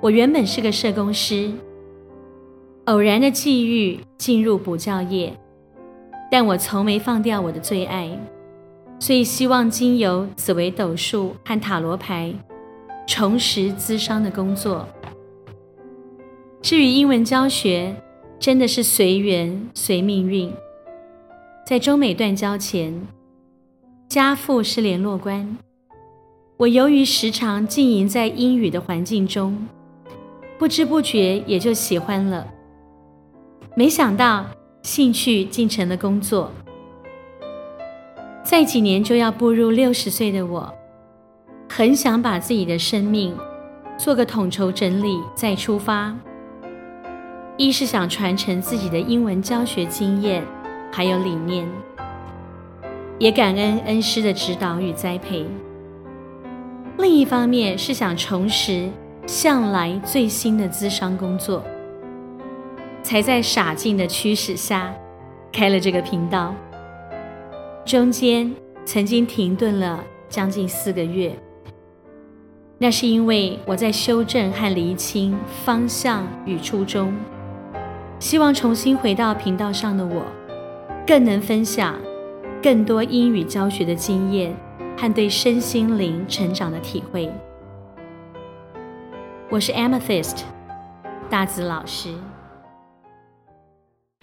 我原本是個社工師，偶然的際遇進入補教業，但我從沒放掉我的最愛，所以希望經由紫微斗數和塔羅牌，重拾諮商的工作。至於英文教學，真的是隨緣隨命運。在中美斷交前，家父是聯絡官。我由於時常浸淫在英語的環境中，不知不覺也就喜歡了。沒想到興趣竟成了工作。再幾年就要步入六十歲的我，很想把自己的生命做個統籌整理再出發。一是想傳承自己的英文教學經驗，還有理念，也感恩恩師的指導與栽培。另一方面是想重拾向來最新的諮商工作，才在傻勁的驅使下開了這個頻道。中間曾經停頓了將近四個月，那是因為我在修正和釐清方向與初衷，希望重新回到頻道上的我，更能分享更多英語教學的經驗和對身心靈成長的體會。我是 Amethyst，大子老師。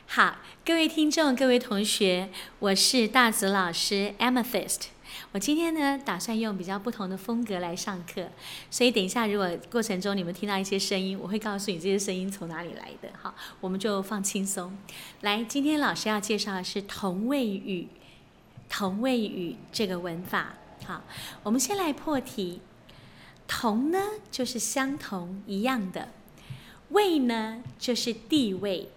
好，各位聽眾，各位同學，我是大子老師 Amethyst。我今天呢，打算用比較不同的風格來上課，所以等一下如果過程中你們聽到一些聲音，我會告訴你這些聲音從哪裡來的。好，我們就放輕鬆。來，今天老師要介紹的是同位語，同位語這個文法。好，我們先來破題。同呢，就是相同一樣的；位呢，就是地位；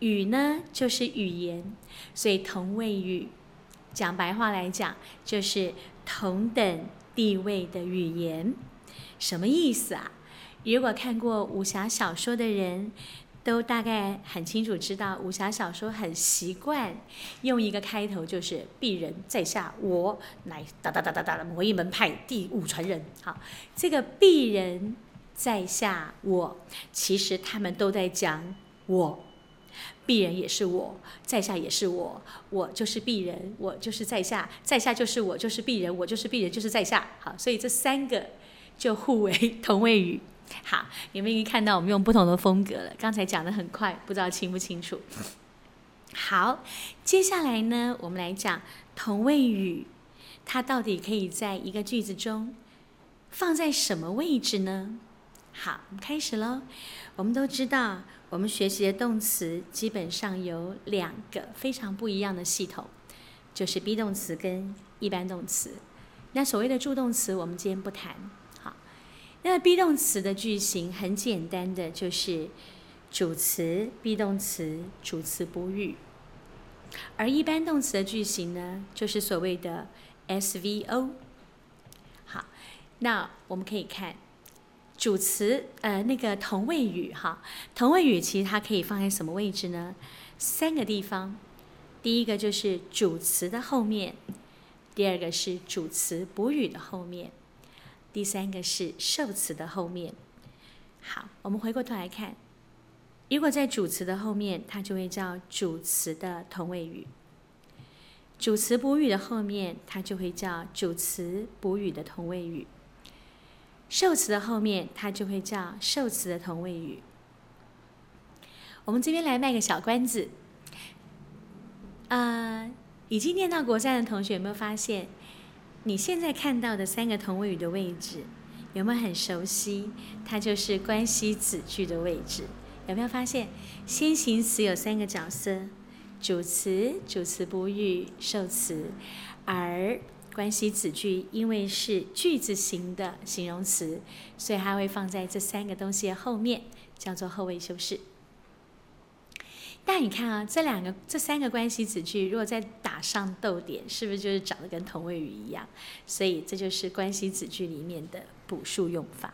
語呢，就是語言。所以同位語，講白話來講，就是同等地位的語言。什麼意思啊？如果看過武俠小說的人，都大概很清楚知道，武俠小說很習慣用一個開頭，就是“鄙人在下我，我來噠噠噠噠噠了”打打打打，某一門派第五傳人。好，這個“鄙人在下我”，其實他們都在講“我”，鄙人也是我，在下也是我，我就是鄙人，我就是在下，在下就是我，就是鄙人，我就是鄙人，就是在下。好，所以這三個就互為同位語。好，你們已經看到我們用不同的風格了。剛才講得很快，不知道清不清楚。好，接下來呢，我們來講同位語，它到底可以在一個句子中放在什麼位置呢？好，我們開始嘍。我們都知道，我們學習的動詞基本上有兩個非常不一樣的系統，就是 be 動詞跟一般動詞。那所謂的助動詞，我們今天不談。那 be 動詞的句型很簡單的，就是主詞 be 動詞主詞補語。而一般動詞的句型呢，就是所謂的 SVO。好，那我們可以看主詞，呃那個同位語哈，同位語其實它可以放在什麼位置呢？三個地方，第一個就是主詞的後面，第二個是主詞補語的後面。第三個是受詞的後面。好，我們回過頭來看，如果在主詞的後面，它就會叫主詞的同位語；主詞補語的後面，它就會叫主詞補語的同位語；受詞的後面，它就會叫受詞的同位語。我們這邊來賣個小關子，呃、uh，已經念到國三的同學有沒有發現？你現在看到的三個同位語的位置，有沒有很熟悉？它就是關係子句的位置。有沒有發現，先行詞有三個角色：主詞、主詞補語、受詞。而關係子句因為是句子型的形容詞，所以它會放在這三個東西的後面，叫做後位修飾。但你看啊，這兩個、這三個關係子句，如果再打上逗點，是不是就是長得跟同位語一樣？所以這就是關係子句裡面的補述用法。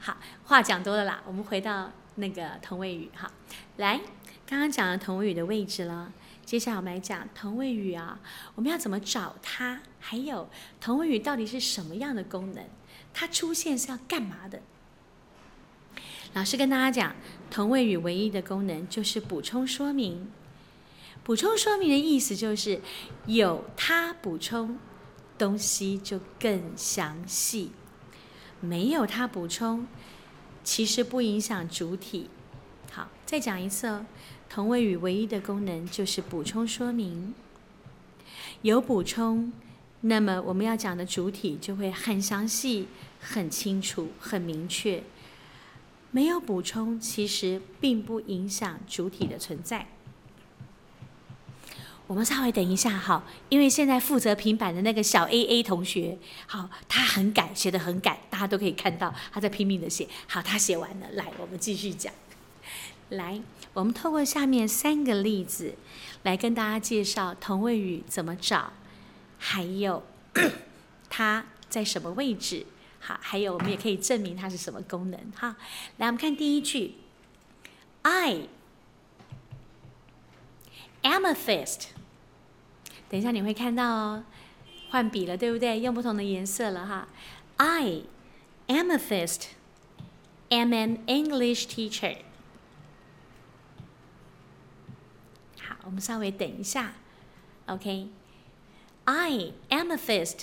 好，話講多了啦，我們回到那個同位語哈。來，剛剛講了同位語的位置了，接下來我們來講同位語啊，我們要怎麼找它？還有同位語到底是什麼樣的功能？它出現是要幹嘛的？老師跟大家講，同位語唯一的功能就是補充說明。補充說明的意思就是，有它補充，東西就更詳細；沒有它補充，其實不影響主體。好，再講一次哦，同位語唯一的功能就是補充說明。有補充，那麼我們要講的主體就會很詳細、很清楚、很明確。沒有補充，其實並不影響主體的存在。我們稍微等一下，哈，因為現在負責平板的那個小 A A 同學，好，他很趕，寫的很趕，大家都可以看到他在拼命的寫。好，他寫完了，來，我們繼續講。來，我們透過下面三個例子，來跟大家介紹同位語怎麼找，還有它在什麼位置。好，還有我們也可以證明它是什麼功能哈。來，我們看第一句，I am Amethyst。等一下你會看到哦，換筆了對不對？用不同的顏色了哈。I am Amethyst, I'm an English teacher。好，我們稍微等一下，OK。I am Amethyst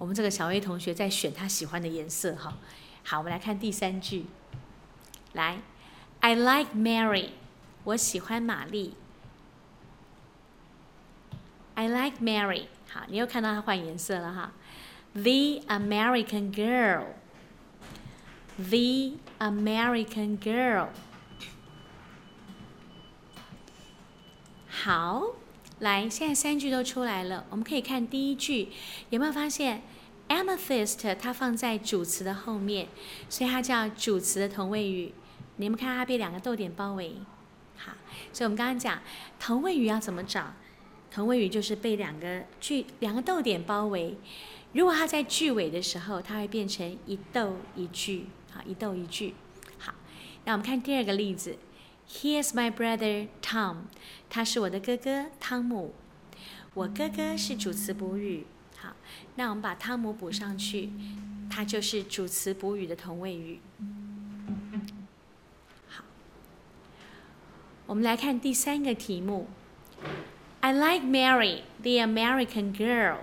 我們這個小威同學在選他喜歡的顏色哈。好，我們來看第三句。來，I like Mary，我喜歡瑪麗。I like Mary，好，你又看到他換顏色了哈。The American girl，The American girl。好，來，現在三句都出來了，我們可以看第一句，有沒有發現？Amethyst，它放在主詞的後面，所以它叫主詞的同位語。你們看，它被兩個逗點包圍，好。所以我們剛剛講，同位語要怎麼找？同位語就是被兩個句兩個逗點包圍。如果它在句尾的時候，它會變成一逗一句，好，一逗一句。好，那我們看第二個例子，Here's my brother Tom，他是我的哥哥湯姆。我哥哥是主詞補語。那我們把湯姆補上去，它就是主詞補語的同位語。好，我們來看第三個題目。I like Mary, the American girl。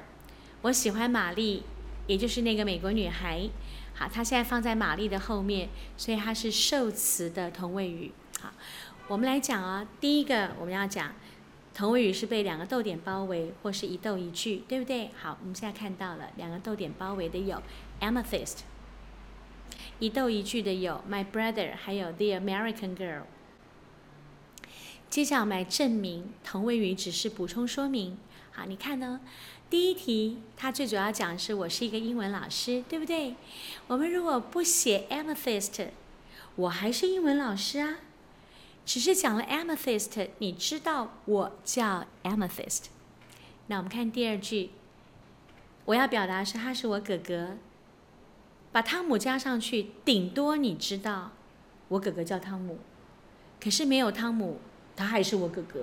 我喜歡瑪麗，也就是那個美國女孩。好，她現在放在瑪麗的後面，所以它是受詞的同位語。好，我們來講啊、哦，第一個我們要講。同位語是被兩個逗點包圍，或是一逗一句，對不對？好，我們現在看到了兩個逗點包圍的有 Amethyst，一逗一句的有 my brother，還有 the American girl。接下來我們來證明同位語只是補充說明。好，你看哦，第一題它最主要講的是我是一個英文老師，對不對？我們如果不寫 Amethyst，我還是英文老師啊。只是講了 Amethyst，你知道我叫 Amethyst。那我們看第二句，我要表達是他是我哥哥。把湯姆加上去，頂多你知道我哥哥叫湯姆，可是沒有湯姆，他還是我哥哥。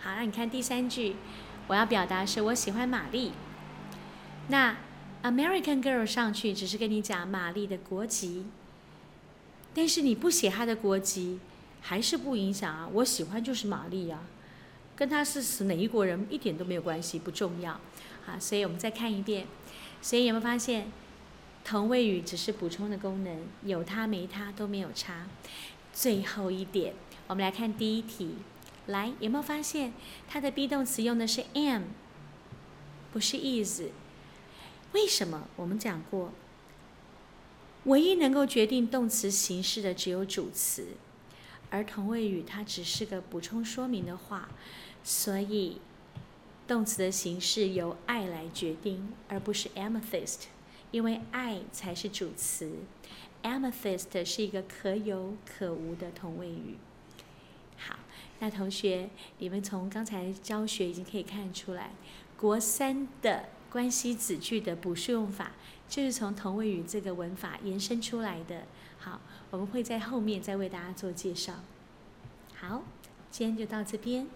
好，那你看第三句，我要表達是我喜歡瑪麗。那 American girl 上去只是跟你講瑪麗的國籍，但是你不寫她的國籍。還是不影響啊！我喜歡就是瑪麗呀、啊，跟她是死哪一國人一點都沒有關係，不重要。好，所以，我們再看一遍。所以有沒有發現，同位語只是補充的功能，有它沒它都沒有差。最後一點，我們來看第一題。來，有沒有發現它的 be 動詞用的是 am，不是 is？、E、為什麼？我們講過，唯一能夠決定動詞形式的只有主詞。而同位語它只是個補充說明的話，所以動詞的形式由“愛”來決定，而不是 “Amethyst”，因為“愛”才是主詞，“Amethyst” 是一個可有可無的同位語。好，那同學，你們從剛才的教學已經可以看出來，國三的關係子句的補述用法，就是從同位語這個文法延伸出來的。好，我們會在後面再為大家做介紹。好，今天就到這邊。